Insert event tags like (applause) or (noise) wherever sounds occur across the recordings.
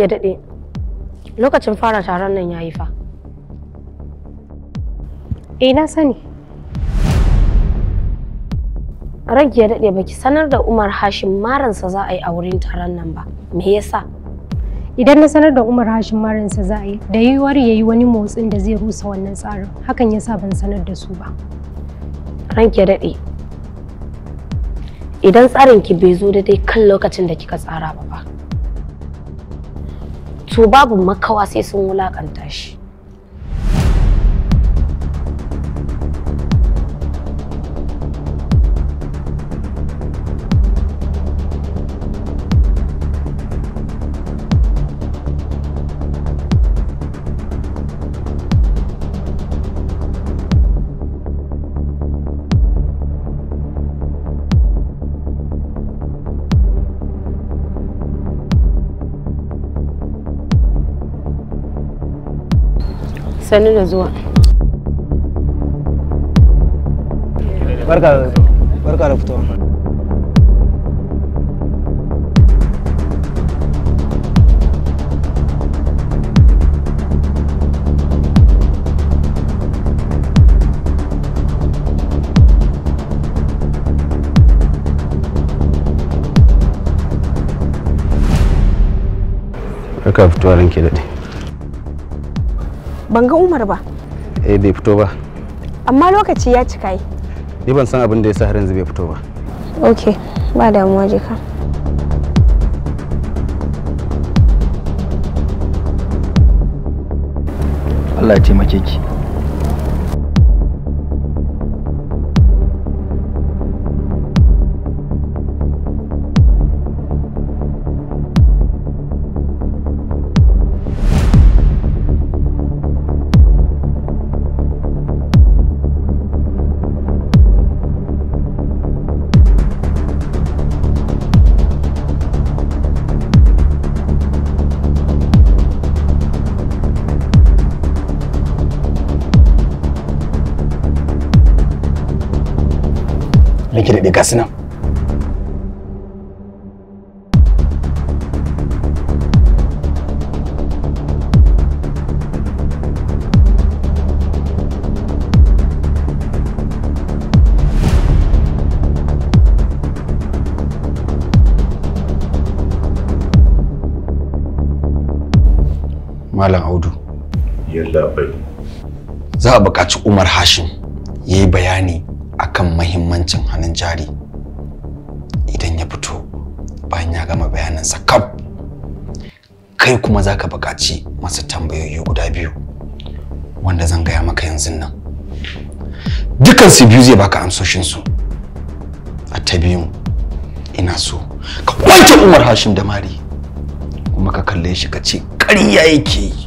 ke daɗe lokacin fara taron nan ya yi fa eh na sani ranke daɗe baki sanar da umar hashim maransa za a yi a wurin taron nan ba me yasa idan na sanar da umar hashim maransa za a yi da yiwuwar ya yi wani motsin da zai rusa wannan tsarin hakan yasa ban sanar da su ba ranke daɗe idan ki bai zo da dai kan lokacin da kika tsara ba ba to babu makawa sai sun wulakanta shi sani da zuwa barka barka da fitowa barka ranke daɗe ban ga umar ba eh bai fito ba amma lokaci ya cika yi ni ban san abin da yasa har yanzu bai fito ba okay ba damuwa waje ka Allah ya taimake ki ranki daɗe gasu nan. Malam Audu. Yalla bai. Za a buƙaci Umar Hashim ya yi bayani cin hannun jari idan ya fito bayan ya gama sa kaf kai kuma za ka buƙaci masa tambayoyi guda biyu wanda zan gaya maka yanzu nan su biyu zai baka amsoshinsu a ta biyun ina so ka kwance umar hashim da mari kuma ka kalle shi ka ce ƙarya yake yi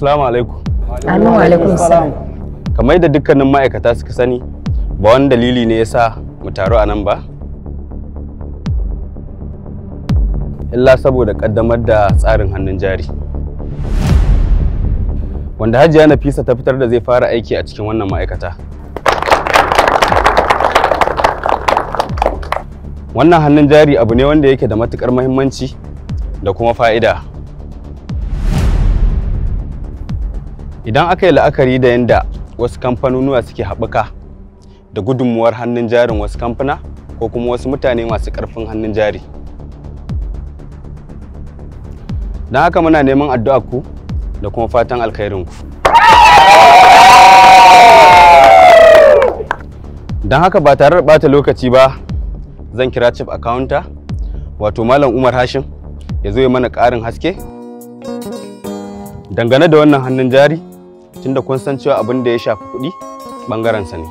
Assalamu alaikum. alaikum Kamar da dukkanin ma'aikata suka sani, ba wani dalili ne yasa mu taru a nan ba? Illa saboda kaddamar da tsarin hannun jari. Wanda Hajiya Nafisa ta fitar da zai fara aiki a cikin wannan ma'aikata. Wannan hannun jari abu ne wanda yake da matukar muhimmanci da kuma fa'ida. idan aka yi la'akari da yadda wasu kamfanonuwa suke haɓaka da gudunmuwar hannun jarin wasu kamfana ko kuma wasu mutane masu ƙarfin hannun jari don haka muna neman addu'a ku da kuma fatan alkhairinku don haka ba tare da ɓata lokaci ba zan kira chief accounta wato malam umar hashim ya zo ya mana ƙarin haske dangane da wannan hannun jari tunda kun san cewa abin da ya shafi kuɗi bangaren ne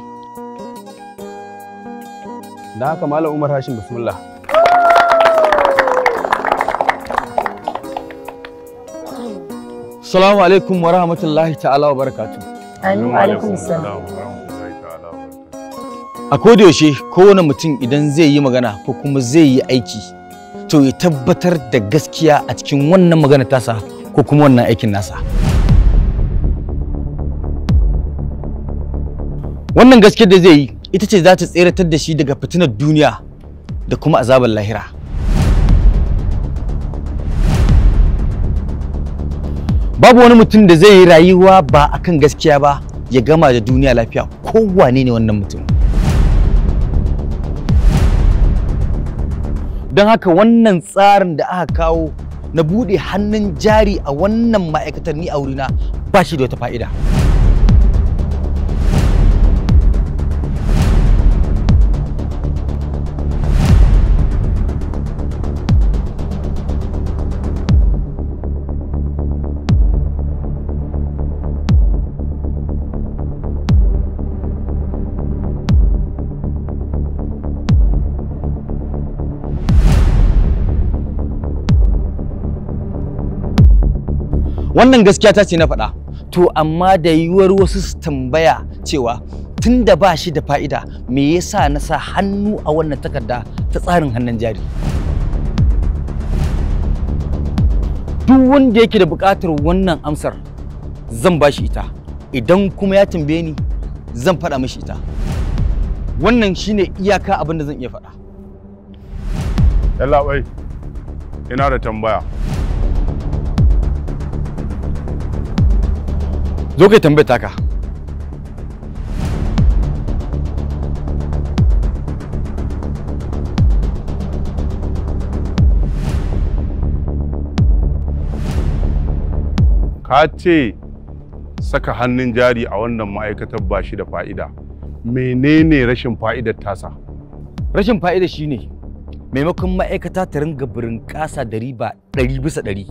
da haka malam umar hashim bismillah Assalamu alaikum wa rahmatullahi ta'ala wa barakatu. Amin A kodayaushe kowane mutum idan zai yi magana ko kuma zai yi aiki to ya tabbatar da gaskiya a cikin wannan magana tasa ko kuma wannan aikin nasa. wannan gaskiyar da zai yi ita ce za ta tseratar da shi daga fitinar duniya da kuma azabar lahira babu wani mutum da zai yi rayuwa ba akan gaskiya ba ya gama da duniya lafiya kowane ne wannan mutum don haka wannan tsarin da aka kawo na buɗe hannun jari a wannan ma'aikatar ni a wurina ba shi da wata fa'ida. wannan gaskiya ta ce na faɗa to amma da yiwuwar wasu su tambaya cewa tun da ba shi da fa'ida me yasa na sa hannu a wannan takarda ta tsarin hannun jari duk wanda yake da buƙatar wannan amsar zan ba shi ita idan kuma ya tambaye ni zan faɗa mashi ita wannan shine iyaka abin da zan iya faɗa yallaɓai ina da tambaya zo ke tambayar taka ka ce saka hannun jari a wannan ma'aikatar ba shi da fa'ida menene rashin fa'idar tasa rashin fa'ida shi ne maimakon ma'aikata ta ringa birin kasa da riba ɗari bisa ɗari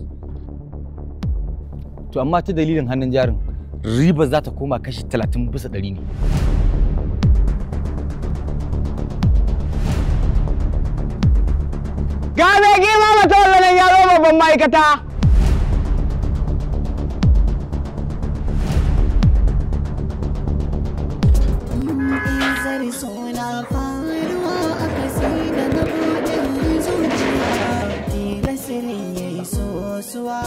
to amma ta dalilin hannun jarin riba za ta koma kashi talatin bisa ɗari ne gabe gima mata wannan yaro babban ma'aikata suna faruwa a kasi da na buɗin zuciya tilasiri ya yi sosuwa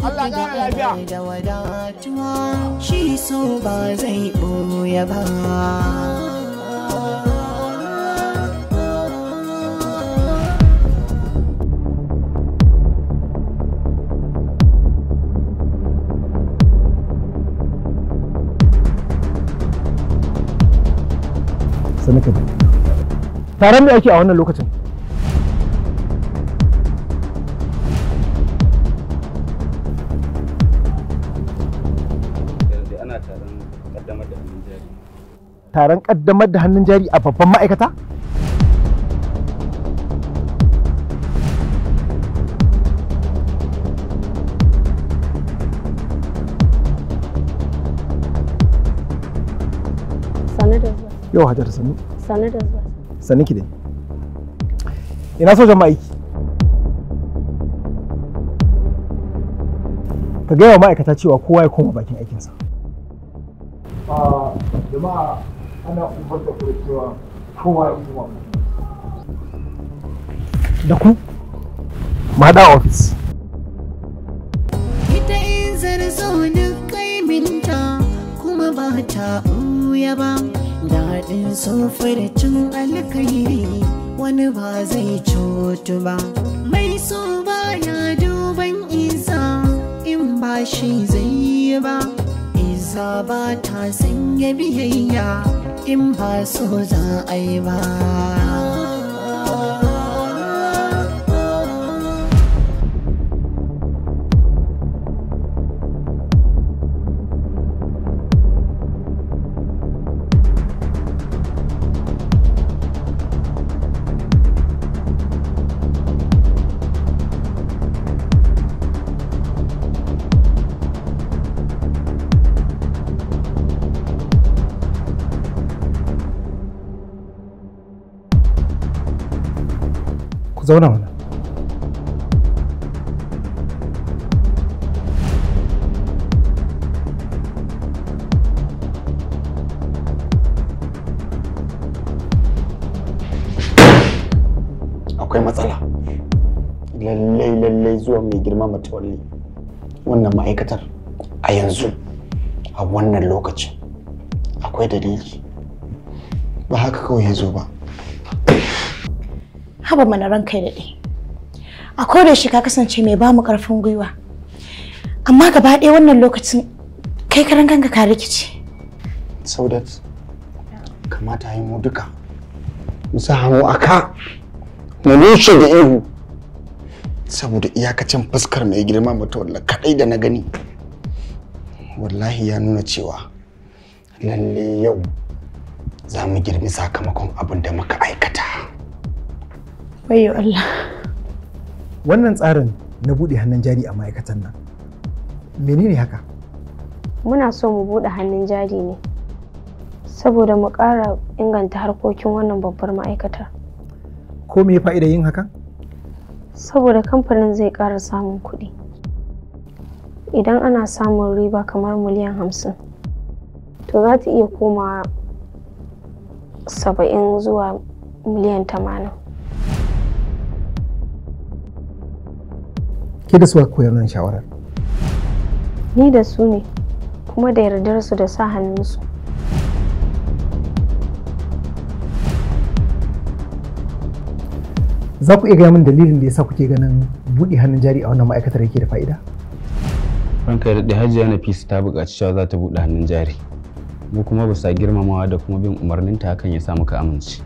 Allah ƙara lafiya da wadatuwa da tare da yake a wannan lokacin taron kaddamar da hannun jari a babban ma'aikata? Yau Hajar Sani. Sani da zuwa. Sani ki dai. Ina so jama'a aiki. Ka gaya wa ma'aikata cewa kowa ya koma bakin aikinsa. Ah, jama'a ana umarta ku da cewa kuma da ku mada ofis ita in zarzo duk kaiminta kuma ba ta ɓuya ba daɗin cin alkairi wani ba zai cutu ba mai so ba ya duban isa in ba shi zai ba isa ba ta sanya biyayya in ba so za a zauna akwai matsala lallai lallai zuwa mai girma matawalli wannan ma'aikatar a yanzu a wannan lokacin akwai dalili ba haka kawai ya zo ba haba mana ranka ya daɗe a koda shi ka kasance mai bamu karfin gwiwa amma gaba ɗaya wannan lokacin kai karan kanka ka rikice saudat kamata yi mu duka mu sa hannu a ka mu rushe da ihu saboda iyakacin fuskar mai girma mutawalla kaɗai da na gani wallahi ya nuna cewa lalle yau za mu girmi sakamakon abin da muka aikata. Wayo Allah. Wannan tsarin na buɗe hannun jari a ma'aikatan nan. Menene haka? Muna so mu buɗe hannun jari ne. Saboda mu ƙara inganta harkokin wannan babbar ma'aikata. Ko me fa'idar yin haka? Saboda kamfanin zai ƙara samun kuɗi. Idan ana samun riba kamar miliyan hamsin, to za ta iya komawa saba'in zuwa miliyan tamanin. Ke da su suwa koyar nan shawarar? Ni da su ne, kuma da yardar su da sa hannunsu. Za ku iya gaya min dalilin da ya sa kuke ganin buɗe hannun jari a wannan ma'aikatar yake da fa'ida? Ranka da Hajiya Nafisa ta buƙaci cewa za ta buɗe hannun jari. Mu kuma ba sa girmamawa da kuma bin umarninta hakan ya sa muka amince.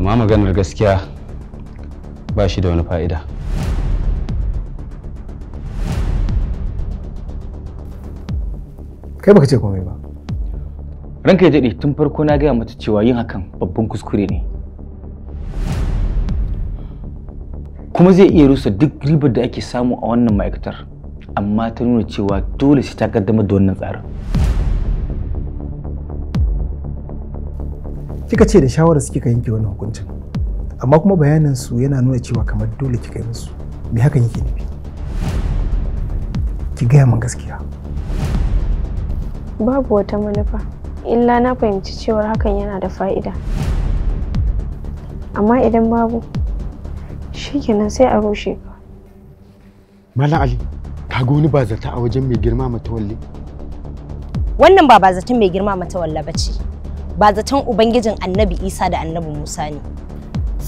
Amma maganar gaskiya ba shi da wani fa'ida kai baka ce komai ba ranka ya daɗe tun farko na gaya mata cewa yin hakan babban kuskure ne kuma zai iya rusa duk ribar da ake samu a wannan ma'aikatar amma ta nuna cewa dole sai ta kaddamar da wannan tsarin kika ce da shawarar su kika yanke wannan hukuncin amma kuma bayanin su yana nuna cewa kamar dole ki kai musu me hakan yake nufi ki gaya min gaskiya babu wata manufa illa na fahimci cewar hakan yana da fa'ida amma idan babu shikenan sai a rushe ka mala ali ka ga wani ba zata a wajen mai girma matawalle wannan ba bazatan mai girma matawalle ba ce ba ubangijin annabi isa da annabi musa ne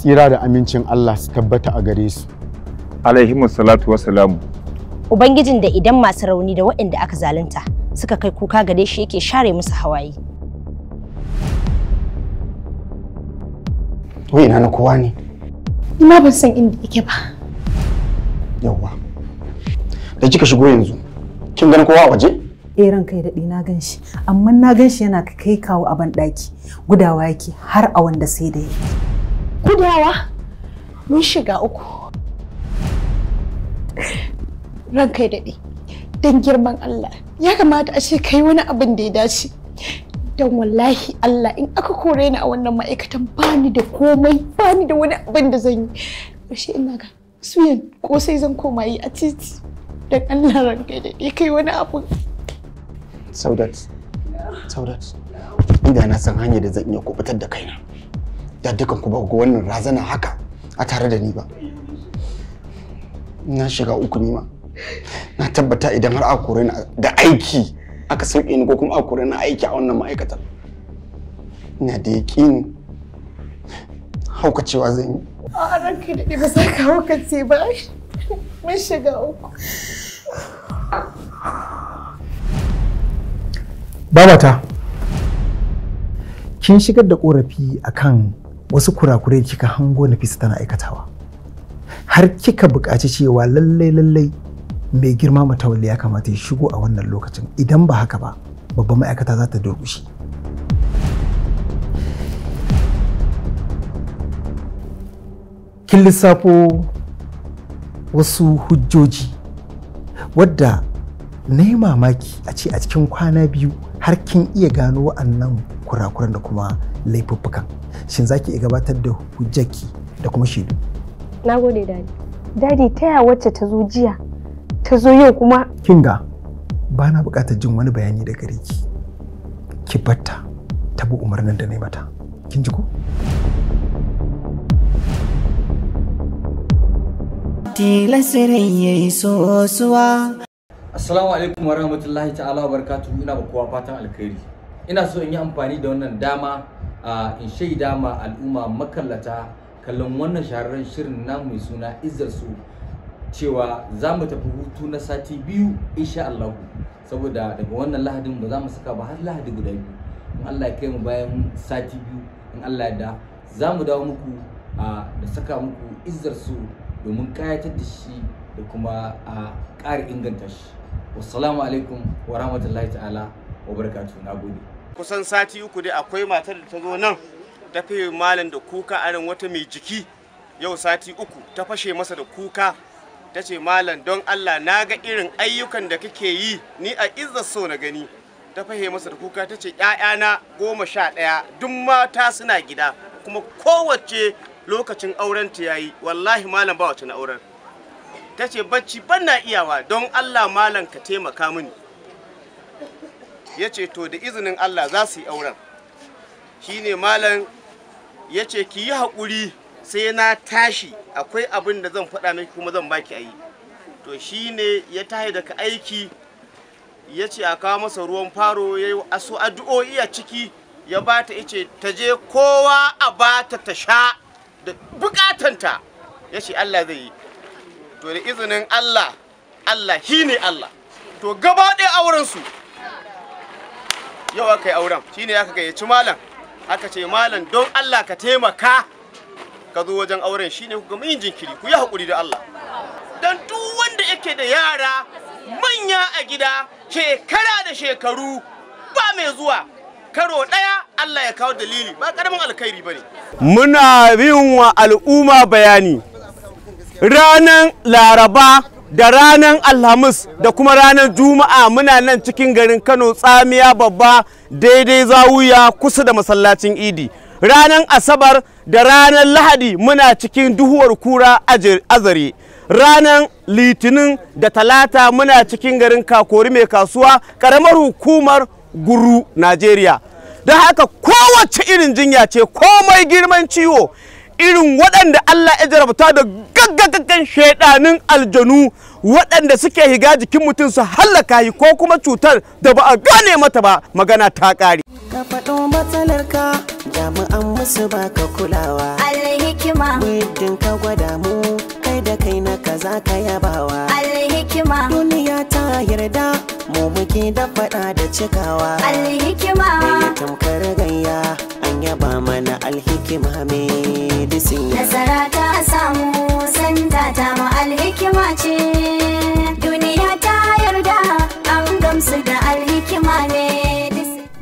tsira da amincin Allah su tabbata a gare su alaihimu salatu wasalamu ubangijin da idan masu rauni da waɗanda aka zalunta suka kai kuka gare shi yake share musu hawaye to ina na kowa ne ina ban san inda yake ba yawwa da kika shigo yanzu kin gani kowa a waje eh ran kai daɗi na gan shi amma na gan shi yana kai kawo a ban ɗaki gudawa yake har a wanda sai da yake gudawa mun shiga uku ranka ya daɗe don girman Allah ya kamata a ce kai wani abin da ya dace don wallahi Allah in aka kore ni a wannan ma'aikatan bani da komai bani da wani abin da zan yi ƙarshe ina ga suyan ko sai zan koma yi a titi don Allah ranka ya daɗe kai wani abin saudat saudat ina na san hanyar da zan iya kubutar da kaina da dukan ku ba ku wannan razana haka a tare da ni ba na shiga uku ni ma na tabbata idan har akure ni da aiki aka sauke ni ko kuma akure na ni aiki a wannan ma'aikatar ina da yaƙini haukacewa zan yi a ranka da ba sai ka haukace ba mun shiga uku babata kin shigar da korafi akan wasu kurakurai kika hango na fisa tana aikatawa har kika buƙaci cewa lallai lallai mai girma matawalli ya kamata ya shigo a wannan lokacin idan ba haka ba babban ma'aikata za ta durƙushi kin lissafo wasu hujjoji wadda na yi mamaki a ce a cikin kwana biyu har kin iya gano wa'annan kurakuran da kuma laifuffukan shin za ki iya gabatar da hujjaki da kuma shaidu na gode dadi dadi taya wacce ta zo jiya ta zo yau kuma kinga ba na buƙatar jin wani bayani daga gare ki ki batta ta bi umarnin da na mata kin ji ko tilasirin yayi assalamu alaikum warahmatullahi ta'ala wa ina ba kowa fatan alkhairi ina so in yi amfani da wannan dama in shaida ma al'umma makallata kallon wannan shahararren shirin namu mai suna izarsu. cewa za mu tafi hutu na sati biyu insha Allah saboda daga wannan lahadin ba za mu saka ba har lahadi guda biyu in Allah ya kai mu bayan sati biyu in Allah ya da za mu dawo muku da saka muku izarsu domin kayatar da shi da kuma a ƙara inganta shi wassalamu alaikum wa rahmatullahi ta'ala wa barakatuhu na gode kusan sati uku dai akwai matar da ta zo nan ta fi malam da kuka a arin wata mai jiki yau sati uku ta fashe masa da kuka ta ce malam don allah na ga irin ayyukan da kake yi ni a izzar so na gani ta fahe masa da kuka ta ce ‘ya'yana goma sha ɗaya duk mata suna gida kuma kowace lokacin auren ta yayi wallahi malam ba wacce na auren ta ce bacci ban na iyawa don allah malam ka taimaka mini ya ce to da izinin Allah za su yi auren shi ne malam ya ce ki yi haƙuri sai na tashi akwai abin da zan faɗa miki kuma zan baki ayi, yi to ne ya tahi daga aiki ya ce a kawo masa ruwan faro ya yi asu addu'o'i a ciki ya ba ta ice ta je kowa a ba ta ta sha da bukatanta ya ce Allah zai yi to da izinin Allah Allah shi ne Allah to gaba ɗaya aurensu yau aka yi auren shine aka gayyaci malam aka ce malam don Allah ka taimaka ka zo wajen auren shine ku ga yin jinkiri ku yi hakuri da Allah dan duk wanda yake da yara manya a gida shekara da shekaru ba mai zuwa karo ɗaya, Allah ya kawo dalili ba karamin alkhairi bane muna bin wa al'umma bayani ranan laraba da ranar alhamis da kuma ranar juma'a muna nan cikin garin kano tsamiya babba daidai zawuya kusa da masallacin idi ranar asabar da ranar lahadi muna cikin duhuwar kura azare ranar litinin da talata muna cikin garin kakori mai kasuwa karamar hukumar guru najeriya don haka kowace irin jinya ce komai girman ciwo irin waɗanda Allah ya jarabta da gaggagaggan shaidanin aljanu waɗanda suke higa jikin mutum su hallaka yi ko kuma cutar da ba a gane mata ba magana ta ƙare. Ka faɗo matsalar ka jami'an musu ba ka kulawa. Alhikima. ka gwada mu kai da kai na ka za ka yabawa. Alhikima. Duniya ta yarda ke da fada da cikawa alhikima ya tamkar gayya an yaba mana alhikima mai disi nasara ta samu san ta ma alhikima ce duniya ta yarda an gamsu da alhikima ne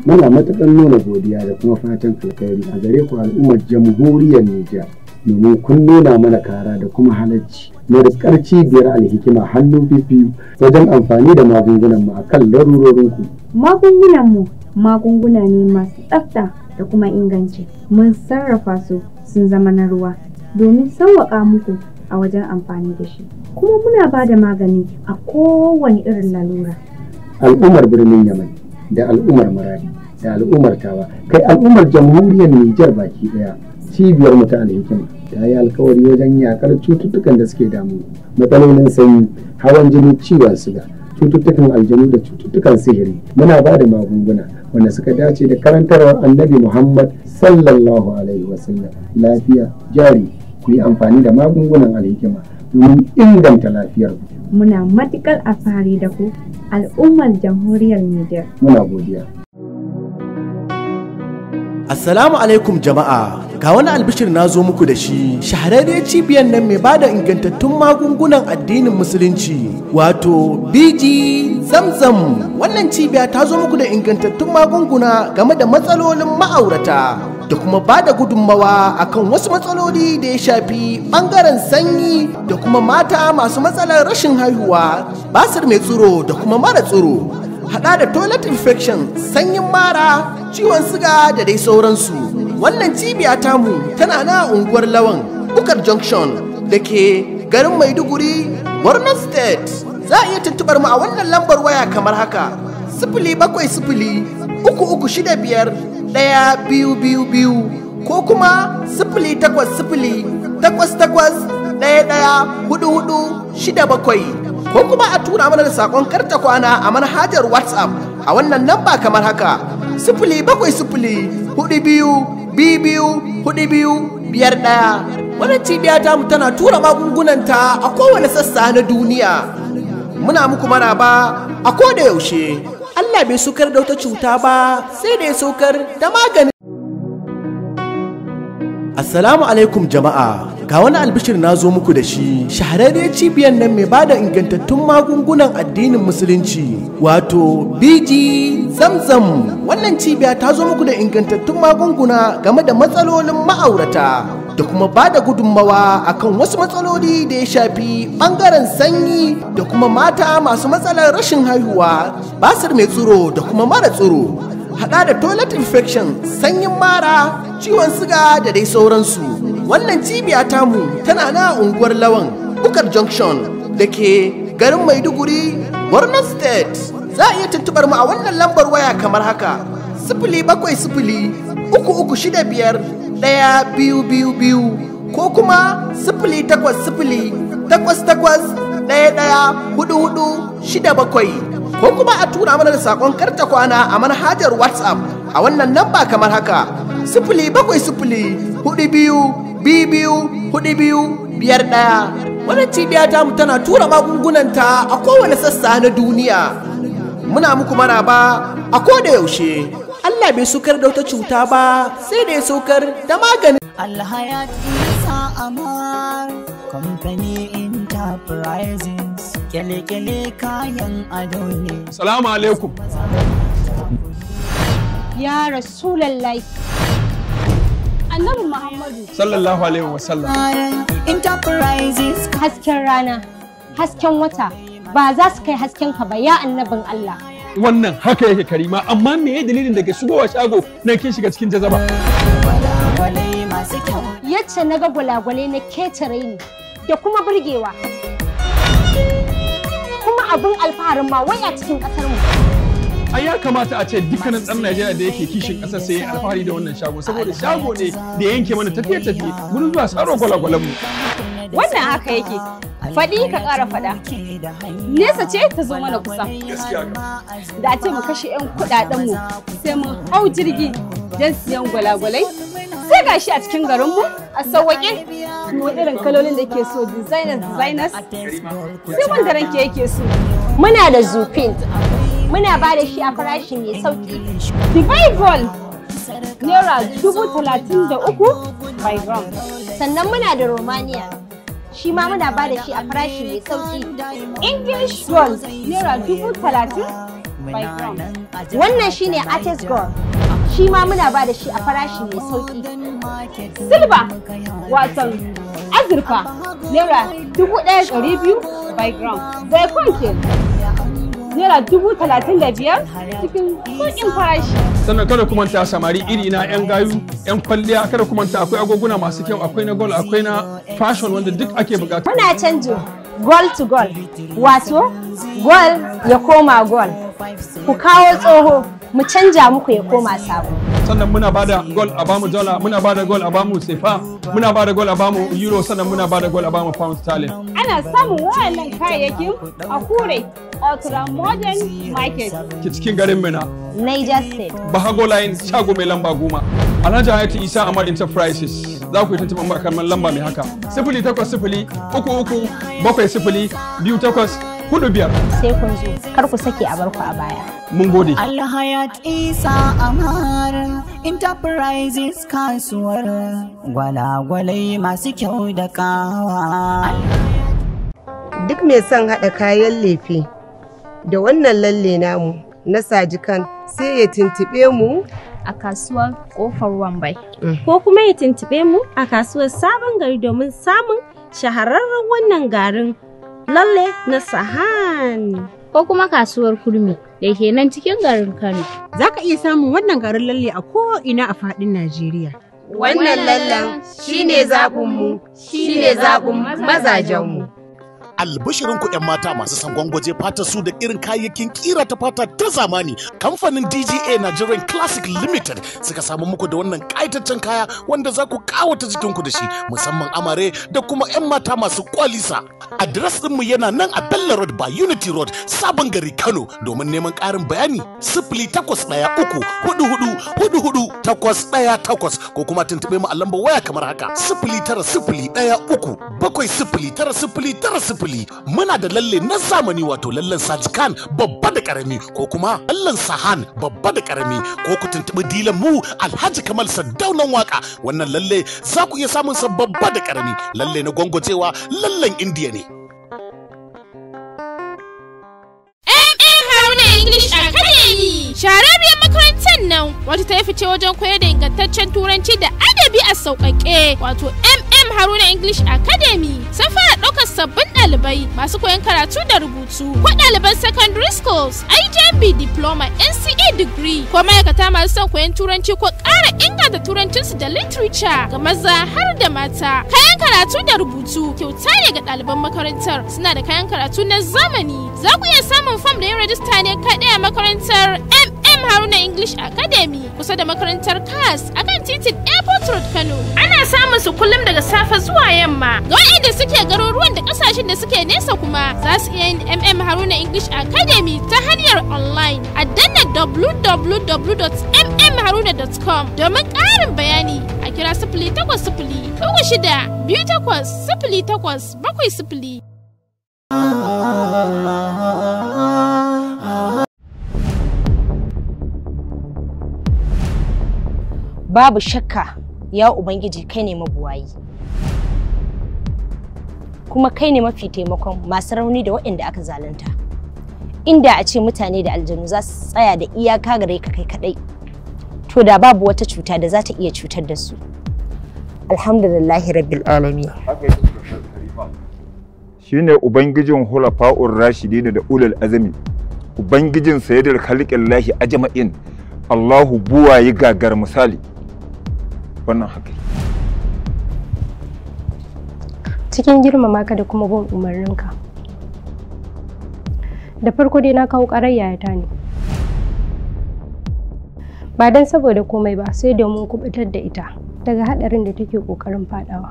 muna matakan nuna godiya da kuma fatan alkhairi a gare ku al'ummar jamhuriyar Nijar domin kun nuna mana kara da kuma halarci murƙar cibiyar alhikima hannun bibiyu wajen amfani da magungunan magungunanmu a kan larurorinku. mu magunguna ne masu tsafta da kuma inganci. Mun sarrafa su sun zama na ruwa domin sauwaƙa muku a wajen amfani da shi. Kuma muna ba da magani a kowane irin lalura. Al'ummar birnin Yamai da al'ummar Maradi da al'ummar Tawa kai al'ummar jamhuriyar Nijar baki ɗaya cibiyar mu ta alhikima. ya yi alkawari wajen yakar cututtukan da suke damu matsalolin sanyi hawan jini ciwon siga cututtukan aljanu da cututtukan sihiri muna ba da magunguna wanda suka dace da karantarwar annabi muhammad sallallahu alaihi wasallam lafiya jari ku yi amfani da magungunan alhikima domin inganta lafiyar muna matukar a fari da ku al'ummar jamhuriyar niger muna godiya Assalamu alaikum jama'a ga wani albishir na zo muku da shi shahararriyar cibiyar nan mai bada ingantattun magungunan addinin musulunci wato BG Zamzam wannan cibiya ta zo muku da ingantattun magunguna game da matsalolin ma'aurata da kuma bada da gudunmawa akan wasu matsaloli da ya shafi ɓangaren sanyi da kuma mata masu matsalar rashin haihuwa basir mai tsoro da kuma mara tsoro hada da toilet infection sanyin mara ciwon siga da dai sauransu wannan cibiya tamu tana na unguwar lawan bukar junction da ke garin maiduguri borno state za a iya tuntubar mu a wannan lambar waya kamar haka sifili bakwai sifili uku uku shida biyar ɗaya biyu biyu biyu ko kuma sifili takwas sifili takwas takwas ɗaya ɗaya hudu hudu shida bakwai ko kuma a tura mana da sakon karta kwana a manhajar WhatsApp a wannan namba kamar haka sifili bakwai sifili hudu biyu biyu hudu biyu biyar ɗaya. Wannan cibiya ta mu tana tura magungunanta a kowane sassa na duniya. Muna muku mara ba a ko da yaushe. Allah bai sukar da wata cuta ba sai da ya sukar da maganin. Assalamu alaikum jama'a ga wani albishir na zo muku da shi shahararriyar cibiyar nan mai bada ingantattun magungunan addinin musulunci wato BG Zamzam wannan cibiya ta zo muku da ingantattun magunguna game da matsalolin ma'aurata da kuma bada da gudunmawa akan wasu matsaloli da ya shafi bangaren sanyi da kuma mata masu matsalar rashin haihuwa basir mai tsoro da kuma mara tsoro hada da toilet infection sanyin mara ciwon siga da dai sauransu wannan cibiya tamu tana na unguwar lawan bukar junction da ke garin maiduguri borno state za a iya tuntubar mu a wannan lambar waya kamar haka sifili bakwai sifili uku uku shida biyar ɗaya biyu biyu biyu ko kuma sifili takwas sifili takwas takwas ɗaya ɗaya hudu hudu shida bakwai ko kuma a tura mana da sakon karta kwana a manhajar WhatsApp a wannan namba kamar haka sifili bakwai sifili hudu biyu biyu hudu biyu biyar ɗaya. wani cibiya ta mu tana tura magungunanta a kowane sassa na duniya. Muna muku ba a ko da yaushe. Allah bai sukar da wata cuta ba sai da ya sukar da maganin. Allah ya amar kamfani enterprising kyale-kyale kayan ado ne. Salamu alaikum. Ya Rasulallah. Annabi Muhammadu. Sallallahu alaihi wa sallam. Enterprises. Hasken rana, hasken wata, ba za su kai hasken ka ba ya annabin Allah. Wannan haka yake karima amma me ya dalilin daga shigowa shago nan kin shiga cikin jazaba. Yacce na ga gwalagwale na ketare ne da kuma burgewa. abun alfaharin ma wai a cikin kasar mu ai ya kamata a ce dukkanin ɗan Najeriya da yake kishin ƙasar sai ya alfahari da wannan shago saboda shago ne da yanke mana tafiye-tafiye mun zuwa tsaro gwalagwalan mu wannan haka yake faɗi ka ƙara faɗa nesa ce ta zo mana kusa da ce mu kashe 'yan kuɗaɗen mu sai mun hau jirgi don siyan gwalagwalai sai gashi a cikin garinmu a sauwaƙe mu irin kalolin da ke so designers designers sai wanda ranke yake so muna da zupin muna ba da shi a farashi mai sauƙi revival naira dubu talatin da uku by gram sannan muna da romania shi ma muna ba da shi a farashi mai sauƙi english gold naira dubu talatin by gram wannan shine artist gold shi ma muna ba da shi a farashi mai sauki silba wasan azurfa naira dubu ɗaya ɗari biyu by gram bai kwanke naira dubu talatin da biyar cikin sauƙin farashi. sannan kada kuma ta samari iri na yan gayu yan kwalliya kada kuma ta akwai agoguna masu kyau akwai na gol, akwai na fashion wanda duk ake bukata. muna canjin gol to gol wato gol ya koma gol, ku kawo tsoho mu canja muku ya koma sabo sannan muna bada gol a bamu dollar muna bada gol a bamu sefa muna bada gol a bamu euro sannan muna bada gol a bamu pound sterling ana samun wayannan kayayyakin a kure ultra modern market ki cikin garin mina Niger State Bahago line shago mai lamba goma Alhaji Hayatu Isa Ahmad Enterprises za ku yi tuntuɓin ba kamar lamba mai haka sifili takwas sifili uku uku bakwai sifili biyu takwas hudu biyar. Sai kun zo, kar ku sake a barku a baya. Mun gode. Allah Alhayat Isa Amar Enterprises kasuwar gwalagwalai masu kyau da kawa. Duk mai son haɗa kayan lefe da wannan lalle namu na sajikan sai ya tuntuɓe mu a kasuwar kofar wambai mm. ko kuma ya tuntuɓe mu a kasuwar sabon gari domin samun shahararren wannan garin lalle na sahan ko kuma kasuwar kurmi da ke nan cikin garin Kano. Za ka iya samun wannan garin lalle a ko'ina a faɗin Najeriya. Wannan lallen shi ne zaɓinmu, shi ne zaɓin mazajenmu. albashirin ku yan mata masu san gwangwaje fata su da irin kayayyakin kira ta fata ta zamani kamfanin DGA Nigerian Classic Limited suka samu muku da wannan kaitaccen kaya wanda za ku kawata jikin ku da shi musamman amare da kuma yan mata masu kwalisa address din mu yana nan a Bella Road by Unity Road sabon gari Kano domin neman ƙarin bayani sifili takwas ɗaya uku hudu hudu hudu hudu takwas ɗaya takwas ko kuma tuntuɓe mu a lambar waya kamar haka sifili tara sifili ɗaya uku bakwai sifili tara sifili tara sifili muna da lalle na zamani wato lallen sajikan babba da karami ko kuma lallen sahan babba da karami ko ku tuntuɓi dilan mu alhaji kamal saddaunan waka wannan lalle za ku iya samun sa babba da karami lalle na gwangwacewa lallen indiya ne. MM makarantar nan wato ta fice wajen koyar da ingantaccen turanci da adabi a sauƙaƙe wato MM Haruna English Academy sun fara ɗaukar sabbin ɗalibai masu koyon karatu da rubutu ko ɗaliban secondary schools IJMB diploma NCA e degree ko ma'aikata masu son koyon turanci ko ƙara inganta turancinsu da literature ga maza har da mata kayan karatu da rubutu kyauta ne ga ɗaliban makarantar suna da kayan karatu na zamani za ku iya samun fam da yin rajista ne kaɗai a makarantar MM M Haruna English Academy kusa da makarantar CAS a kan titin Airport Road Kano. Ana samun su kullum daga safe zuwa yamma. Ga waɗanda suke garuruwan da ƙasashen da suke nesa kuma za su iya yin MM Haruna English Academy ta hanyar online a danna www.mmharuna.com domin ƙarin bayani a kira sifili takwas sifili uku shida biyu takwas sifili takwas bakwai sifili. (laughs) babu shakka ya ubangiji kai ne mabuwayi kuma kai ne mafi taimakon masu rauni da waɗanda aka zalunta inda a ce mutane da aljanu za su tsaya da iyaka gare ka kai kadai to da babu wata cuta da za ta iya cutar da su alhamdulillahi rabbil alamin shine ubangijin hulafa'ur rashidin da ulul azmi ubangijin sayyidul khalqin lahi ajma'in Allahu buwayi gagar misali wannan haka cikin girmama ka da kuma bin umarninka da farko dai na kawo ƙarar yayata ne ba don saboda komai ba sai da mun kubutar da ita daga haɗarin da take ƙoƙarin faɗawa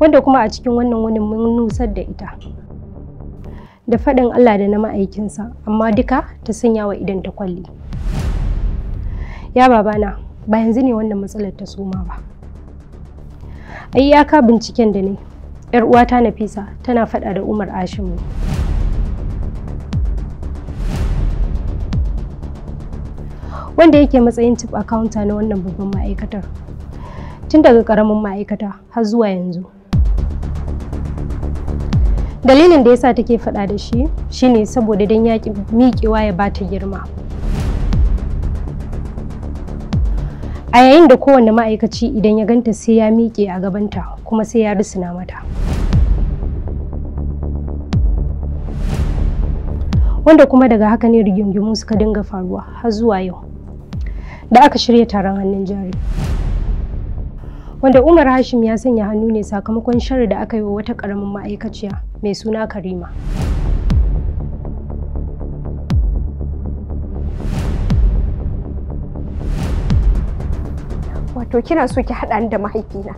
wanda kuma a cikin wannan wani mun nusar da ita da faɗin Allah da na ma'aikinsa amma duka ta sanya wa idan ta kwalli. ya babana ba yanzu ne wannan matsalar ta soma ba a ka binciken da ne yar uwata nafisa tana faɗa da umar ashimu wanda yake matsayin tip accounta na wannan babban ma'aikatar tun daga karamin ma'aikata har zuwa yanzu dalilin da yasa take faɗa da shi shine saboda don yaƙi miƙewa ya bata girma a yayin da kowane ma'aikaci idan ya ganta sai ya miƙe a gabanta kuma sai ya na mata wanda kuma daga haka ne rigingimu suka dinga faruwa har zuwa yau da aka shirya taron hannun jari wanda umar hashim ya sanya hannu ne sakamakon shari da aka yi wa wata ƙaramin ma'aikaciya mai suna karima to kina so ki haɗa ni da mahaifina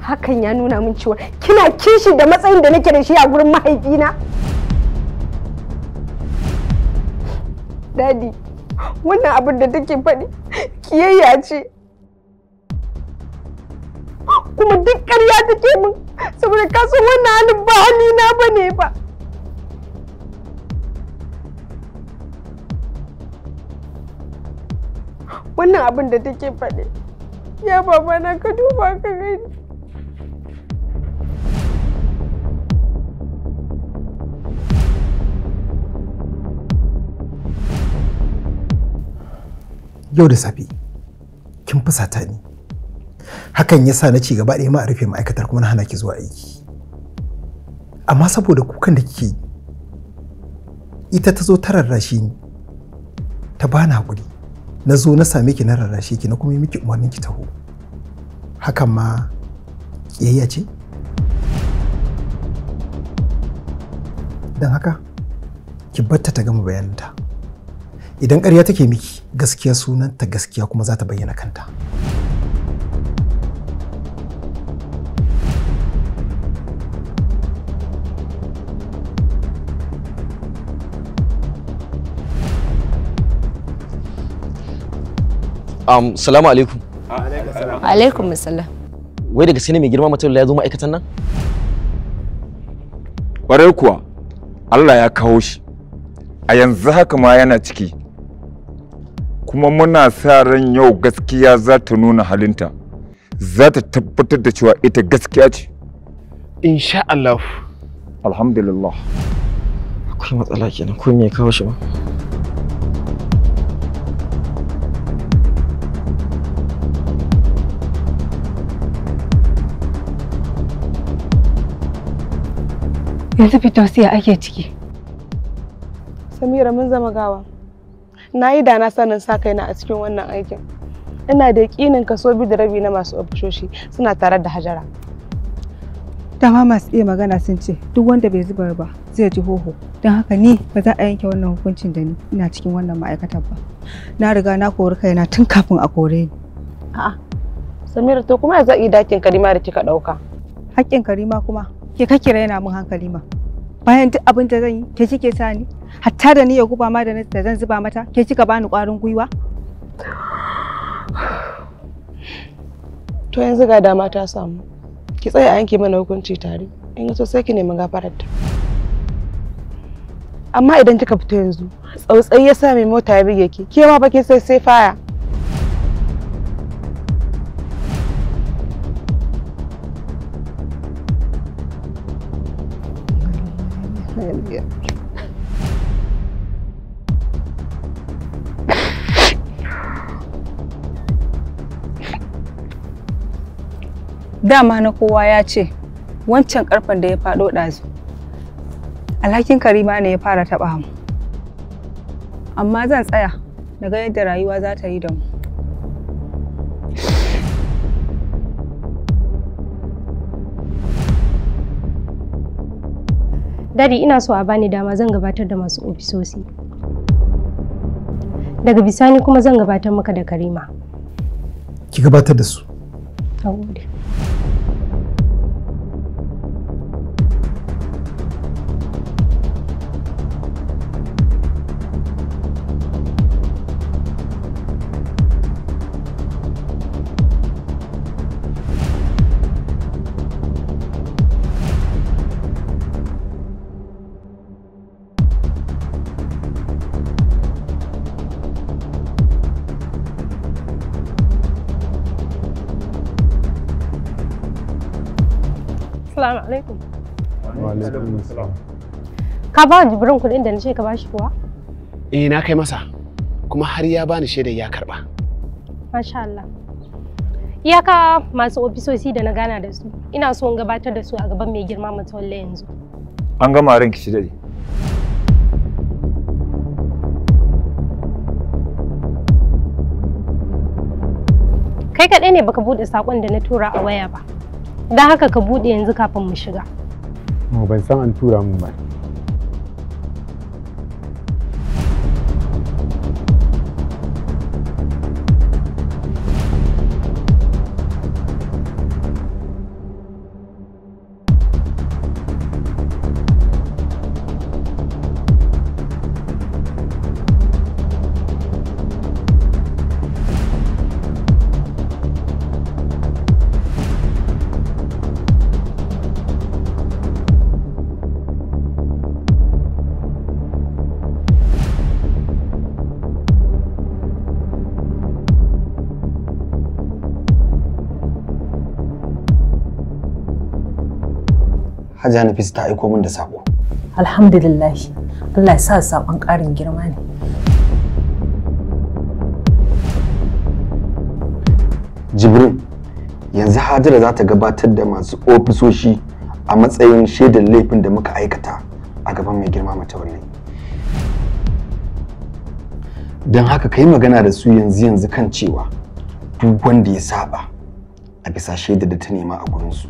hakan ya nuna min cewa kina kishi da matsayin da nake da shi a gurin mahaifina dadi wannan abin da take faɗi kiyayya ce kuma duk ƙarya take min saboda kaso wannan halin ba halina na ne ba wannan abin da take faɗi ya baba na ka duba ka gani yau da safe kin fusata ni hakan ya sa na ci gaba ɗaya ma a rufe ma'aikatar kuma na hana ki zuwa aiki amma saboda kukan da kike yi ita ta zo tararra shi ni ta bani hakuri na zo na same ki na rarrashe ki na kuma yi miki umarnin ki taho hakan ma kiyayya ce don haka ki batta ta gama bayananta idan ƙarya take miki gaskiya sunanta gaskiya kuma za ta bayyana kanta. Um, salamu alaikum. Alaikum salam. Wai daga sai mai girma mutum ya zo ma'aikatan nan? Ƙwarai kuwa, Allah ya kawo shi. A yanzu haka ma yana ciki. Kuma muna sa ran yau gaskiya za ta nuna halinta. Za ta tabbatar da cewa ita gaskiya ce. Insha Allah. Alhamdulillah. Akwai matsala kenan ko me ya kawo shi ba? yanzu fitosiya ake ciki samira mun zama gawa na yi da sanin sa kaina a cikin wannan aikin ina da yakinin kaso biyu da rabi na masu ofishoshi suna tare da hajara dama masu iya magana sun ce duk wanda bai zubar ba zai ji hoho don haka ni ba za a yanke wannan hukuncin da ni ina cikin wannan ma'aikatar ba na riga na kori kaina tun kafin a kore ni a'a samira to kuma za a yi dakin karima da kika dauka hakkin karima kuma Ke kake raina min hankali ma. Bayan duk abin da zan yi, ke kike sa ni? Hatta da ni ya guba ma da da zan zuba mata, ke kika bani ƙwarin gwiwa? To yanzu ga dama ta samu. Ki tsaya a yanke mana hukunci tare. In so sai ki nemi gafarar ta. Amma idan kika fito yanzu, tsautsai ya sa mai mota ya bige ki, ke ma ba sai sai faya. dama na kowa ya ce wancan karfan da ya faɗo ɗazu alhakin karima ne ya fara taɓa mu amma zan tsaya daga yadda rayuwa za ta yi da mu Dadi ina so a bani dama zan gabatar da masu ofisosi. Daga bisani kuma zan gabatar maka da Karima. Ki gabatar da su. gode. alaikum. Wa alaikum assalam. Ka ba Jibrin kuɗin da na nace ka shi kuwa? Eh na kai masa. Kuma har ya bani shaidar ya karba. Masha Allah. Iyaka masu ofisoshi da na gana da su. Ina so in gabatar da su a gaban mai girma matawalle yanzu. An gama ranki shi dare. Kai kaɗai ne baka buɗe saƙon da na tura a waya ba. dan haka ka buɗe yanzu kafin mu shiga. Ban san an tura mun ba. Hajiya su ta aiko min da sako. Alhamdulillah. Allah ya sa sakon ƙarin girma ne. jibril yanzu Hajira za ta gabatar da masu ofisoshi a matsayin shaidar laifin da muka aikata a gaban mai girma mata wannan. Don haka ka yi magana da su yanzu yanzu kan cewa duk wanda ya saba a bisa shaidar da ta nema a gurinsu.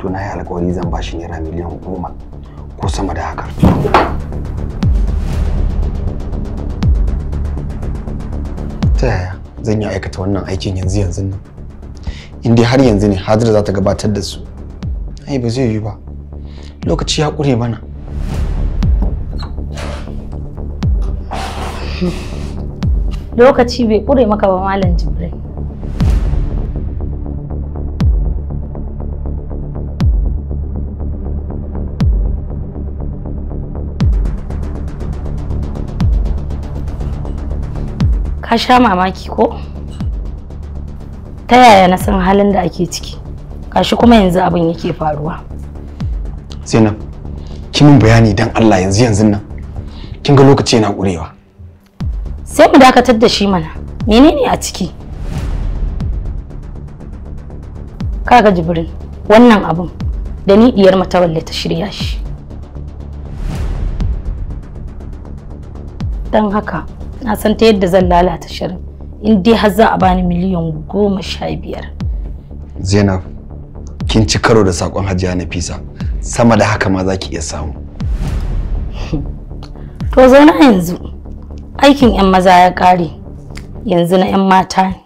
to na yi alkawari zan ba shi naira miliyan goma ko sama da haka ta yaya zan yi aikata wannan aikin yanzu yanzu nan in dai har yanzu ne hadira za ta gabatar da su ai ba zai yi ba lokaci ya ƙure mana lokaci bai ƙure maka ba malam jibril ka sha mamaki ko ta yaya na san halin da ake ciki gashi kuma yanzu abin yake faruwa zainab ki min bayani dan Allah yanzu yanzu nan kin ga lokaci yana ƙurewa sai mu dakatar da shi mana menene a ciki kaga jibril wannan abin da ni diyar matawalle ta shirya shi don haka na san ta yadda zan lalata shirin in dai har za a bani miliyan goma sha biyar zainab kin ci karo da sakon hajiya na fisa sama da haka ma za ki iya samu to zauna yanzu aikin 'yan maza ya ƙare yanzu na 'yan mata ne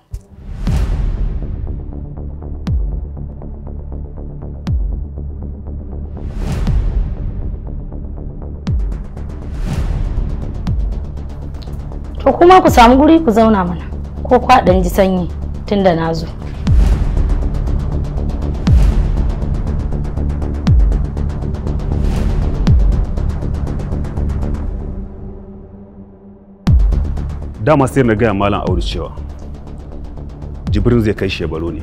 To kuma ku samu guri ku zauna mana ko kwaɗan ji sanyi tunda na zo. dama sai na gaya malam aure cewa jibrin zai kai shebaro ne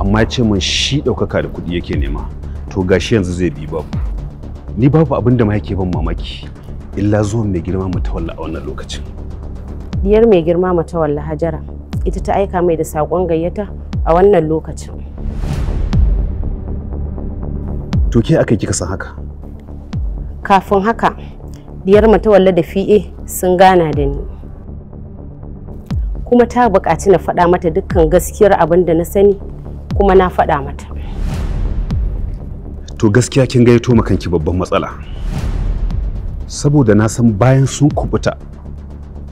amma ya ce min shi ɗaukaka da kuɗi yake nema to gashi yanzu zai bi babu ni babu abin da ma yake ban mamaki illa zuwan mai girma mu tawalla a wannan lokacin diyar mai girma mata walla hajara ita ta aika mai da saƙon gayyata a wannan lokacin to ke aka kika san haka kafin haka diyar walla da fi'e sun gana da ni kuma ta buƙaci na faɗa mata dukkan gaskiyar abin da na sani kuma na faɗa mata to gaskiya kin gayyato makanki babban matsala saboda na san bayan sun kubuta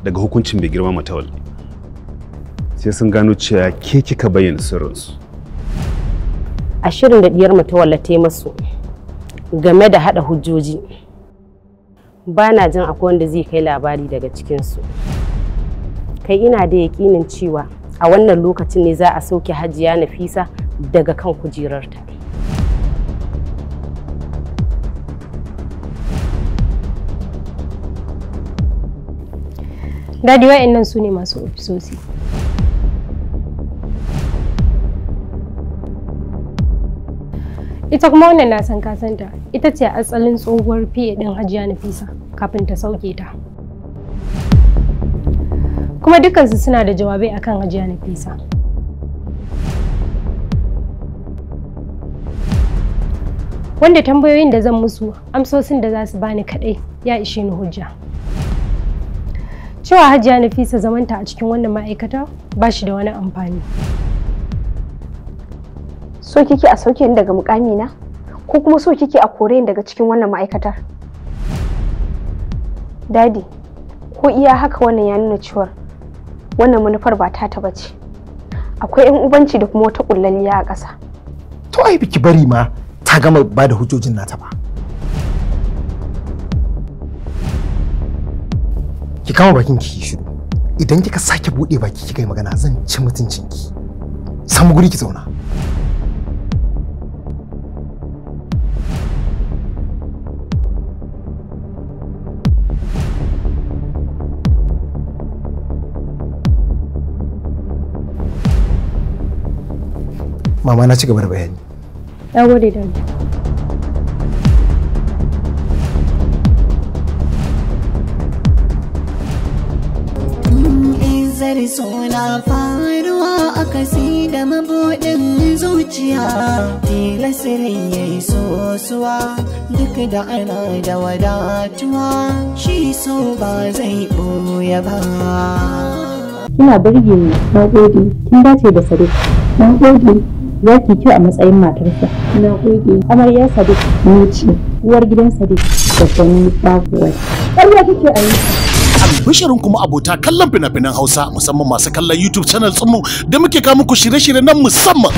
daga hukuncin mai girma matawalli sai sun gano cewa ke kika bayyana sirrinsu a shirin da diyar matawalla ta yi masu game da hada hujjoji ba na jin akwai wanda zai kai labari daga cikinsu kai ina da yaƙinin cewa a wannan lokacin ne za a sauke hajiya nafisa daga kan kujerarta. Dadi wa'annan su ne masu ofisosi. Ita kuma wannan na san kasanta ita ce asalin tsohuwar fiye ɗin hajiya Nafisa kafin ta sauke ta. Kuma dukansu suna da jawabai akan hajiya Nafisa. Wanda tambayoyin da zan musu amsosin da za su bani kaɗai ya ishe ni hujja. cewa hajiya nafisa zamanta a cikin wannan ma'aikata ba shi da wani amfani so kike a sauke ni daga mukami na ko kuma so kike a kore ni daga cikin wannan ma'aikatar dadi ko iya haka wannan ya nuna cewa wannan manufar ba ta ta bace akwai yan ubanci da kuma wata kullalliya a ƙasa to ai biki bari ma ta gama bada da hujjojin nata ba kama bakin ki shiru idan kika sake bude baki kika yi magana zan ci mutuncin ki samu guri ki zauna Mama na ci gaba da bayani. Na gode da Ƙaunar suna faruwa a kasi da mabuɗin zuciya tilasirin ya yi sosuwa duk da ana da wadatuwa shi so ba zai ɓoye ba. Kina birge ne na gode, kin dace da Sadiq, na gode. Za ki kyau a matsayin matarsa. Na gode. Amarya Sadiq, ni ce, uwar gidan Sadiq, babban babuwar. Ƙarya kike a yi. albishirin kuma abota kallon fina-finan hausa musamman masu kallon youtube channel tsinmu da muke kawo muku shirye-shirye nan musamman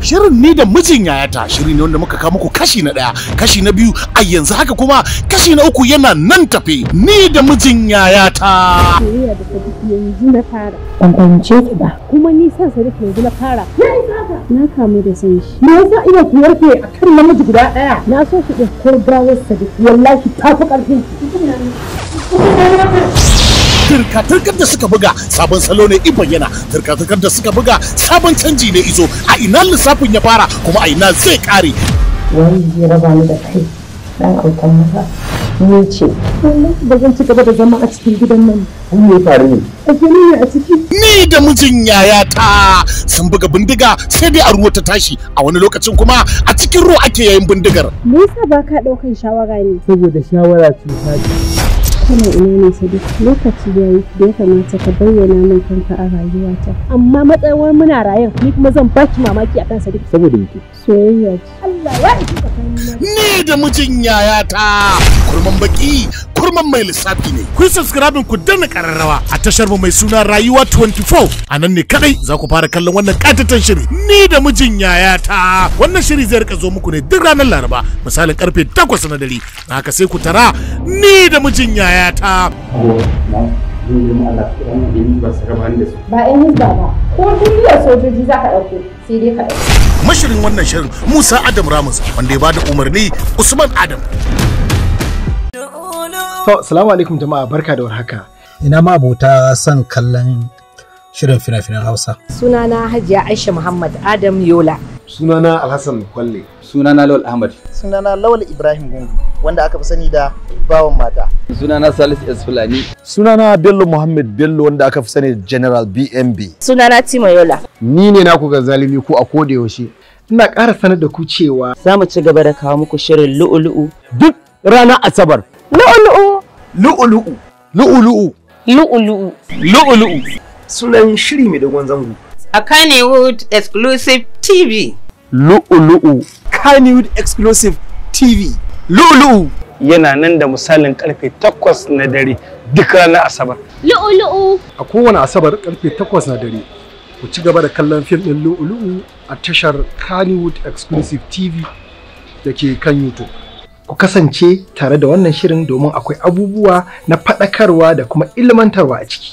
Shirin ni da mijin yayata shiri ne wanda muka kawo muku kashi na ɗaya, kashi na biyu, a yanzu haka kuma kashi na uku yana nan tafe ni da mijin yayata. Soyayya da yanzu na fara. Ban fahimce ki ba. Kuma ni son sa yanzu na fara. Na kamu da san shi. Me yasa iya ku ke a kan namiji guda ɗaya? Na so su ɗin gawar sa Sadiq wallahi ta fi ƙarfin ki. turka-turkar da suka buga sabon salo ne in bayyana turka-turkar da suka buga sabon canji ne izo a ina lissafin ya fara kuma a ina zai kare wani zai raba ni da kai dan autan masa Ne ce. Ba zan ci gaba da zama a cikin gidan nan. Kun ne faru ne? A gani ne a ciki. Ni da mijin yayata sun buga bindiga sai dai a ruwa ta tashi a wani lokacin kuma a cikin ruwa ake yayin bindigar. Me yasa ba ka ɗaukan shawara ne? Saboda shawara cuta ce. kana ina ne sadiq lokaci ya yi da ya kamata ka bayyana min kanka a rayuwata amma matsayin muna rayan ni kuma zan baki mamaki akan sadiq saboda yake soyayya ce Allah ya isa ni da mijin yayata kurman baki kurman mai lissafi ne ku subscribe ku danna kararrawa a tashar mu mai suna rayuwa 24 a nan ne kadai za ku fara kallon wannan katatan shiri ni da mijin yayata wannan shiri zai rika zo muku ne duk ranar laraba misalin karfe 8 na dare haka sai ku tara ni da mijin yayata ba yan hizba ba ko duniyar sojoji za ka ɗauko sai dai ka ɗauko mashirin wannan shirin musa adam ramus wanda ya bada umarni usman adam To, salamu alaikum jama'a barka da warhaka. Ina ma abota son kallon shirin fina-finan Hausa. Sunana Hajiya Aisha Muhammad Adam Yola. Sunana Alhassan Kwalle. Sunana Lawal Ahmad. Sunana Lawal Ibrahim Gungu wanda aka fi sani da bawan mata. Sunana Salisu S Fulani. Sunana Bello Muhammad Bello wanda aka fi sani da General BMB. Sunana Tima Yola. Ni ne naku ga zalimi ko a kodayaushe. yaushe. Ina ƙara sanar da ku cewa za mu ci gaba da kawo muku shirin lu'u-lu'u duk Rana Asabar Lu'ulu'u. Lu'ulu'u. Lu'ulu'u. Lu'ulu'u. Lu'ulu'u. Sunan shiri mai dogon zango. A Kannywood Exclusive TV. Lu'ulu'u. Kannywood Exclusive TV. Lu'ulu'u. Yana nan da misalin karfe takwas na dare duk ranar Asabar. Lu'ulu'u. A kowane Asabar karfe takwas na dare. Ku ci gaba da kallon fim ɗin Lu'ulu'u a tashar Kannywood Exclusive TV da ke kan YouTube. ku kasance tare da wannan shirin domin akwai abubuwa na faɗakarwa da kuma ilmantarwa a ciki.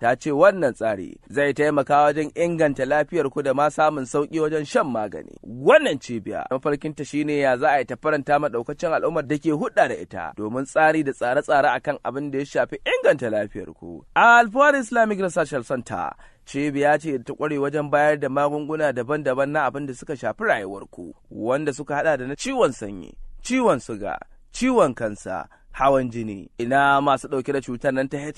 ta ce wannan tsari zai taimaka wajen inganta lafiyar ku da ma samun sauki wajen shan magani wannan cibiya mafarkinta shine ya za a yi ta faranta ma al'ummar da ke hudda da ita domin tsari da tsare-tsare akan abin da ya shafi inganta lafiyar ku alfawar islamic research center cibiya ce ta kware wajen bayar da magunguna daban-daban na abin da suka shafi rayuwar ku wanda suka hada da na ciwon sanyi ciwon suga ciwon kansa hawan jini ina masu ɗauke da cutar nan ta hiv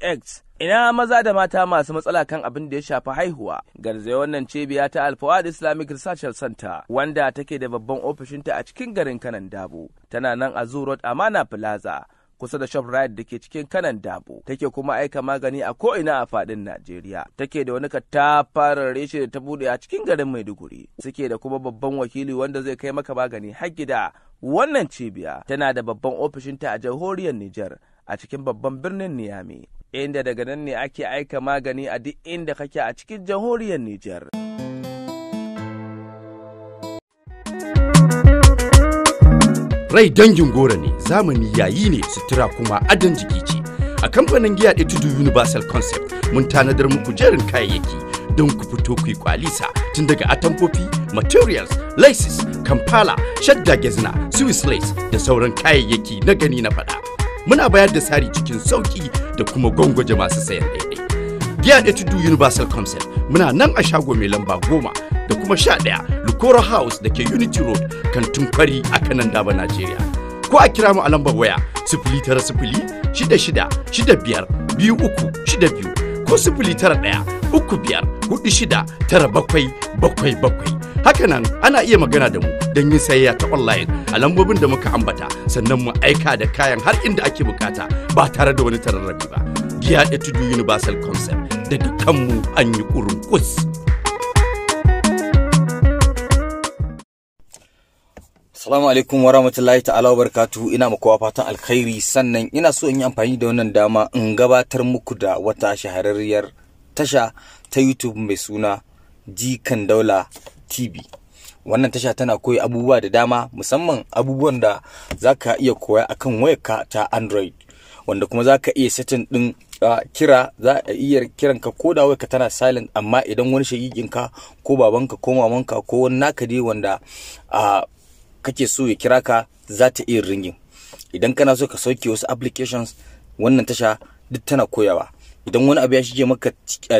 aids ina maza da mata masu matsala kan abin da ya shafi haihuwa garzaya wannan cibiya ta alfawad islamic research center wanda take da babban ofishinta a cikin garin kanan dabo tana nan a zoo road amana plaza kusa da shoprite da ke cikin kanan dabo take kuma aika magani a ko ko'ina a fadin najeriya take da wani katafaren reshe da ta bude a cikin garin maiduguri suke da kuma babban wakili wanda zai kai maka magani har gida wannan cibiya tana da babban ofishinta a jamhuriyar niger a cikin babban birnin niyami inda daga nan ne ake aika magani a duk inda kake a cikin jamhuriyar niger Rai dangin goro ne, zamani yayi ne, sutura kuma adon jiki ce. A kamfanin giya tudu Universal Concept mun tanadar muku jerin kayayyaki don ku fito ku yi kwalisa tun daga atamfofi, materials, laces, kampala, shadda gezna, swiss lace da sauran kayayyaki na gani na fada. Muna bayar da sari cikin sauki da kuma gwangwaje masu sayar daidai. Giya Etudu Universal Concept muna nan a shago mai lamba goma da kuma sha ɗaya Kora House da ke Unity Road kan tunkwari a kanan daba Najeriya. Ko a kira mu a lambar waya sifili tara sifili shida shida shida biyar biyu uku shida biyu ko sifili tara ɗaya uku biyar hudu shida tara bakwai bakwai bakwai. Hakanan ana iya magana da mu don yin sayayya ta online a lambobin da muka ambata sannan mu aika da kayan har inda ake bukata ba tare da wani tararrabi ba. Giya da Tudu Universal Concept da dukkanmu an yi kurun kus. Assalamu alaikum wa rahmatullahi ta'ala wa barakatuhu ina muku fatan alkhairi sannan ina so in yi amfani da wannan dama in gabatar muku da wata shahararriyar tasha ta YouTube mai suna Jikan Daula TV. Wannan tasha tana koyi abubuwa da dama musamman abubuwan da zaka iya koya akan wayarka ta Android wanda kuma zaka iya setting din uh, kira za a iya kiran ka ko da ka tana silent amma idan wani ka ko babanka ko mamanka ko wani naka dai wanda uh, kake so ya kira ka za ta iya ringin idan kana so ka sauke wasu applications wannan tasha duk tana koyawa idan wani abu ya shige maka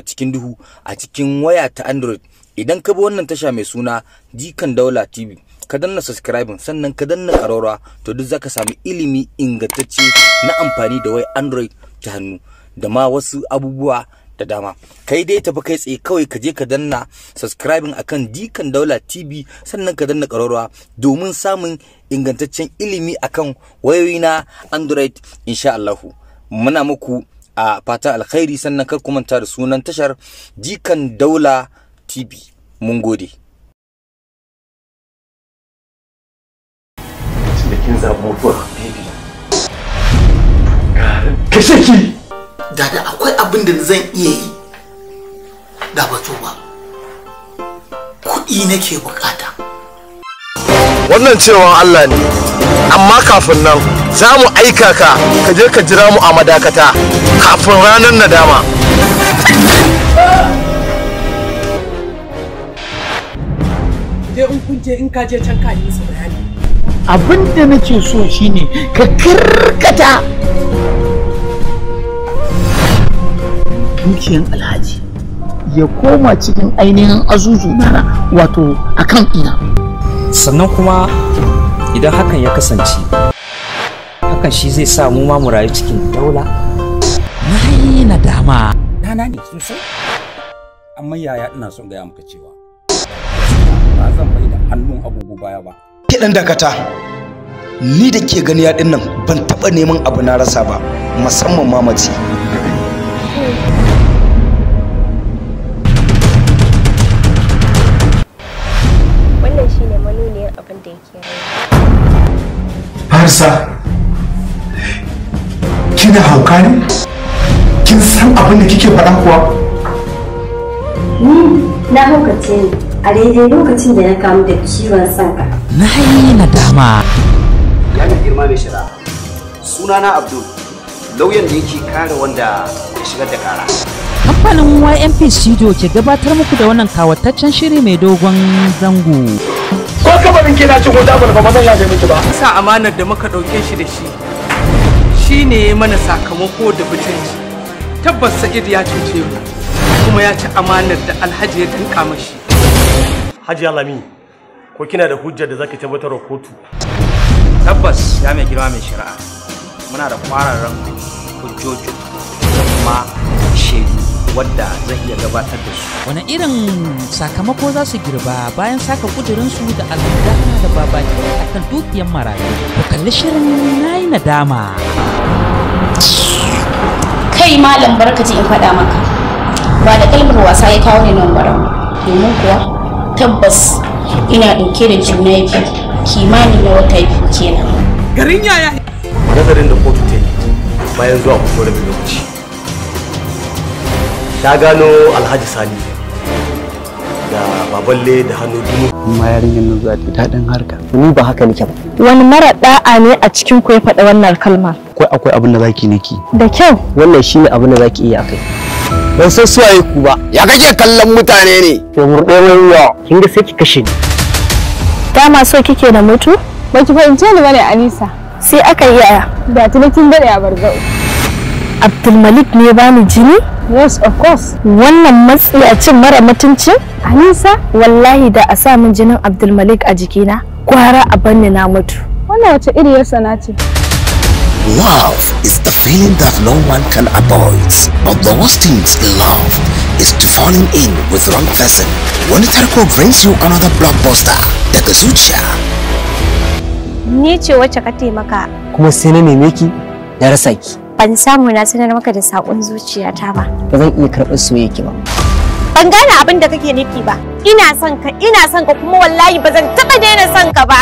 cikin duhu a cikin waya ta android idan ka bi wannan tasha mai suna jikan daula tv ka danna subscribe sannan ka danna karora to duk zaka samu ilimi ingantacce na amfani da wai android ta hannu da ma wasu abubuwa da dama kai dai tafi kai tsaye kawai ka je ka danna subscribing akan dikan daula tv sannan ka danna ƙararrawa domin samun ingantaccen ilimi akan wayoyi na android insha Allahu muna muku a fata alkhairi sannan kar manta da sunan tashar dikan daula tv mun gode cikin da da akwai abin da zan iya yi da bato ba kuɗi nake bukata wannan cewa Allah ne amma kafin nan za mu aika ka ka je ka jira mu a madakata kafin ranar nadama dai in kun in ka je can ka yi musu bayani abin da nake so shine ka kirkata dukiyan alhaji ya koma cikin ainihin azuzu na wato akan ina sannan kuma idan hakan ya kasance hakan shi zai sa mu ma mu cikin daula na yi nadama na ne sosai amma yaya ina son gaya maka cewa ba zan bai da hannun abubu baya ba dan dakata ni da ke gani ya nan ban taɓa neman abu na rasa ba musamman mamaci Hafsa, kina hauka ne? Kin san abin da kike faɗa kuwa? Ni na haukace ne a daidai lokacin da na kamu da ciwon sanka. Na yi nadama. Ya mai girma mai shara. Sunana Abdul, lauyan da yake kare wanda ya shigar da kara. Kamfanin YMP Studio ke gabatar muku da wannan kawataccen shiri mai dogon zango. kabarin ke kina cikin wuta ba ba yaje miki ba sa amanar da muka dauke shi da shi shi shine mana sakamako da shi. tabbas Sa'id ya cuce mu kuma ya ci amanar da Alhaji ya dinka mashi Haji Alami ko kina da hujjar da zaki tabbatar wa kotu tabbas ya mai girma mai shari'a muna da kwararren hujjoji kuma wadda zan iya gabatar da su. Wani irin sakamako za su girba bayan saka su da almudana da babaki a kan dukiyar marayu. Ku kalli shirin na yi nadama. Kai malam barkaci in faɗa maka. Ba da kalmar wasa ya kawo ni nan gwaron. Domin kuwa tabbas ina ɗauke da juna biyu kimanin na wata biyu kenan. Garin yaya. Nazarin da kotu ta yi bayan zuwa kuma rabin lokaci. na gano alhaji sani da baballe da hannu dunu Amma yarinyar nan za ta daɗin harka ni ba haka nake ba wani mara da'a ne a cikin ku ya faɗa wannan kalmar akwai akwai abin da zaki niki da kyau wannan shine abin da zaki iya kai ban san su waye ku ba ya kake kallon mutane ne to murɗe ruwa. kin ga sai ki kashe ni dama so kike da mutu Ba baki fahimce ni bane anisa sai aka yi aya da tunakin dare a bargau Abdulmalik ne bani jini? Yes, of course. Wannan a cin mara mutunci? Anisa, wallahi da a sa min jinin Abdulmalik a jikina, gwara a banni na mutu. Wannan wace iri ya sana ce? Love is the feeling that no one can avoid. But the worst things in love is to falling in with wrong person. Wani tarko brings you another blockbuster daga zuciya. Ni ce wacce ka taimaka. Kuma sai na neme ki, na rasa ki. ban samu na sanar maka da sakon zuciyata ba ba zan iya karɓar soyayya ba ban gane abin da kake nufi ba ina son ka ina son ka kuma wallahi ba zan taɓa daina son ka ba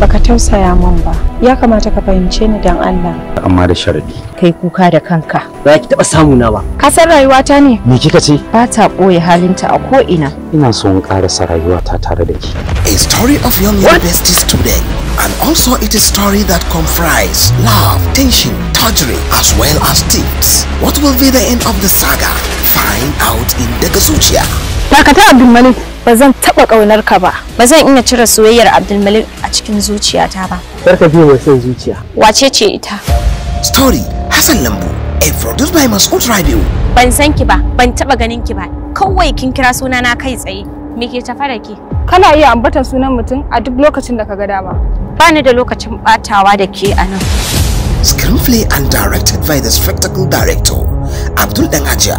baka tausaya min ba ya kamata ka fahimce ni dan Allah amma da sharadi kai kuka da kanka ba ki taba samu na ba ka san rayuwata ne me kika ce ba ta boye halinta a ko ina ina so in karasa ta tare da ki a story of young university student and also it is story that comprise love tension torture as well as tips what will be the end of the saga find out in Dagazuciya Dakata Abdulmalik ba zan taɓa ƙaunar ka ba ba zan iya cire soyayyar abdulmalik a cikin zuciyata ba karka biyo mai son zuciya wace ce ita story hassan lambu a produced by masud Radio. ban san ki ba ban taɓa ganin ki ba kawai kin kira suna na kai tsaye me ke tafa da ke kana iya ambatar sunan mutum a duk lokacin da ka ga dama ni da lokacin batawa da ke a nan screenplay and directed by the spectacle director abdul Dangaja.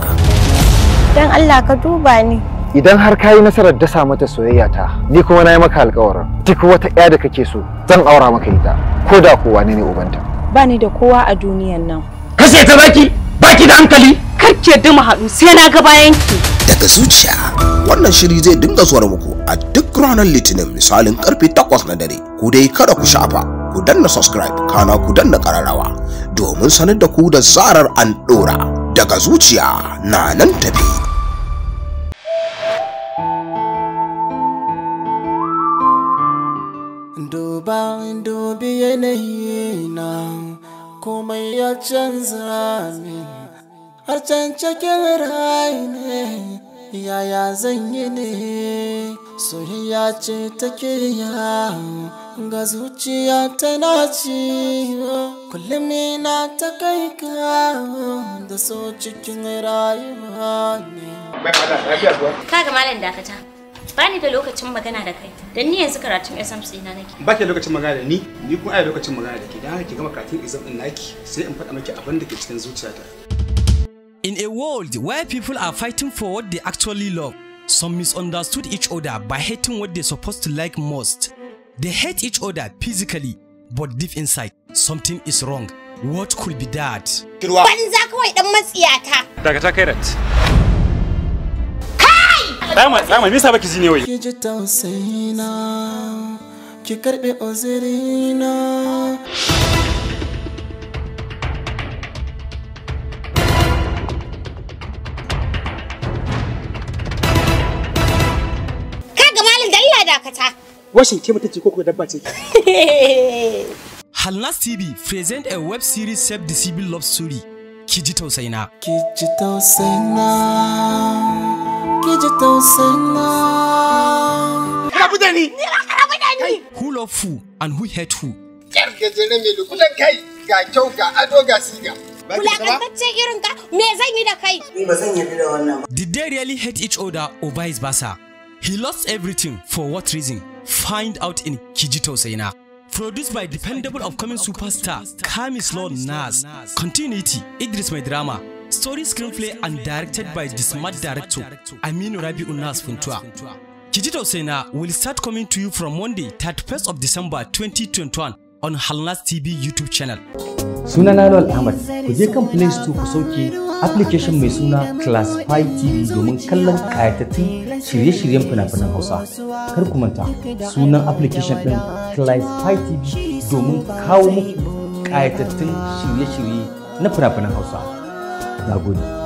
dan allah ka duba ni idan har ka yi nasarar dasa mata soyayya ta ni kuma na yi maka alkawarin duk wata ƴa da kake so zan aura maka ita ko da kowa ne ne ubanta ba ni da kowa a duniyan nan kashe ta baki baki da hankali kar ki yadda mu haɗu sai na ga bayan ki daga zuciya wannan shiri zai dinga zuwa muku a duk ranar litinin misalin karfe 8 na dare ku dai kada ku shafa ku danna subscribe kana ku danna kararrawa domin sanar da ku da zarar an ɗora daga zuciya na nan tafi ba dubi yanayi na komai ya canza min har can cikin rai ne yaya zan yi ne soyayya ce take ya ga zuciya tana ci kullum na ta kai ka da so cikin rayuwa ne kaga malam dakata Bani da lokacin magana da kai. Dan ni yanzu karatun SMC na nake. Ba ki lokacin magana da ni, ni kuma ai lokacin magana da ke. Dan haka ki gama karatun exam din naki sai in faɗa miki abin da ke cikin zuciyata. In a world where people are fighting for what they actually love, some misunderstood each other by hating what they supposed to like most. They hate each other physically, but deep inside, something is wrong. What could be that? Banza kawai dan matsiyata. Daga ta kairat. Dama, dama, me yasa baki ji ne wai? Ki ji tausayina, ki karbe uzurina. Kaga malin dalla dakata. Washin ke mutunci ko kuma dabba ce? (laughs) Halnas TV present a web series Save the Civil Love Story. Ki ji tausayina. Ki ji tausayina. ki ji tausana. Rabu da ni! Who love who and who hate who? kai da Did they really hate each other or vice versa? He lost everything for what reason? Find out in Kijito Seina. Produced by dependable upcoming superstar Kamis Lord Nas. Continuity Idris My Drama Story screenplay and directed by the smart director Aminu Rabi Unas Funtua. Kijito Sena will start coming to you from Monday, 31st of December 2021 on Halnas TV YouTube channel. Suna na Lawal Ahmad, ku je kan Play Store ku sauke application mai suna Classify TV domin kallon kayatattun shirye-shiryen fina-finan Hausa. Kar ku manta, sunan application ɗin Classify TV domin kawo muku kayatattun shirye-shirye na fina-finan Hausa. lagunya.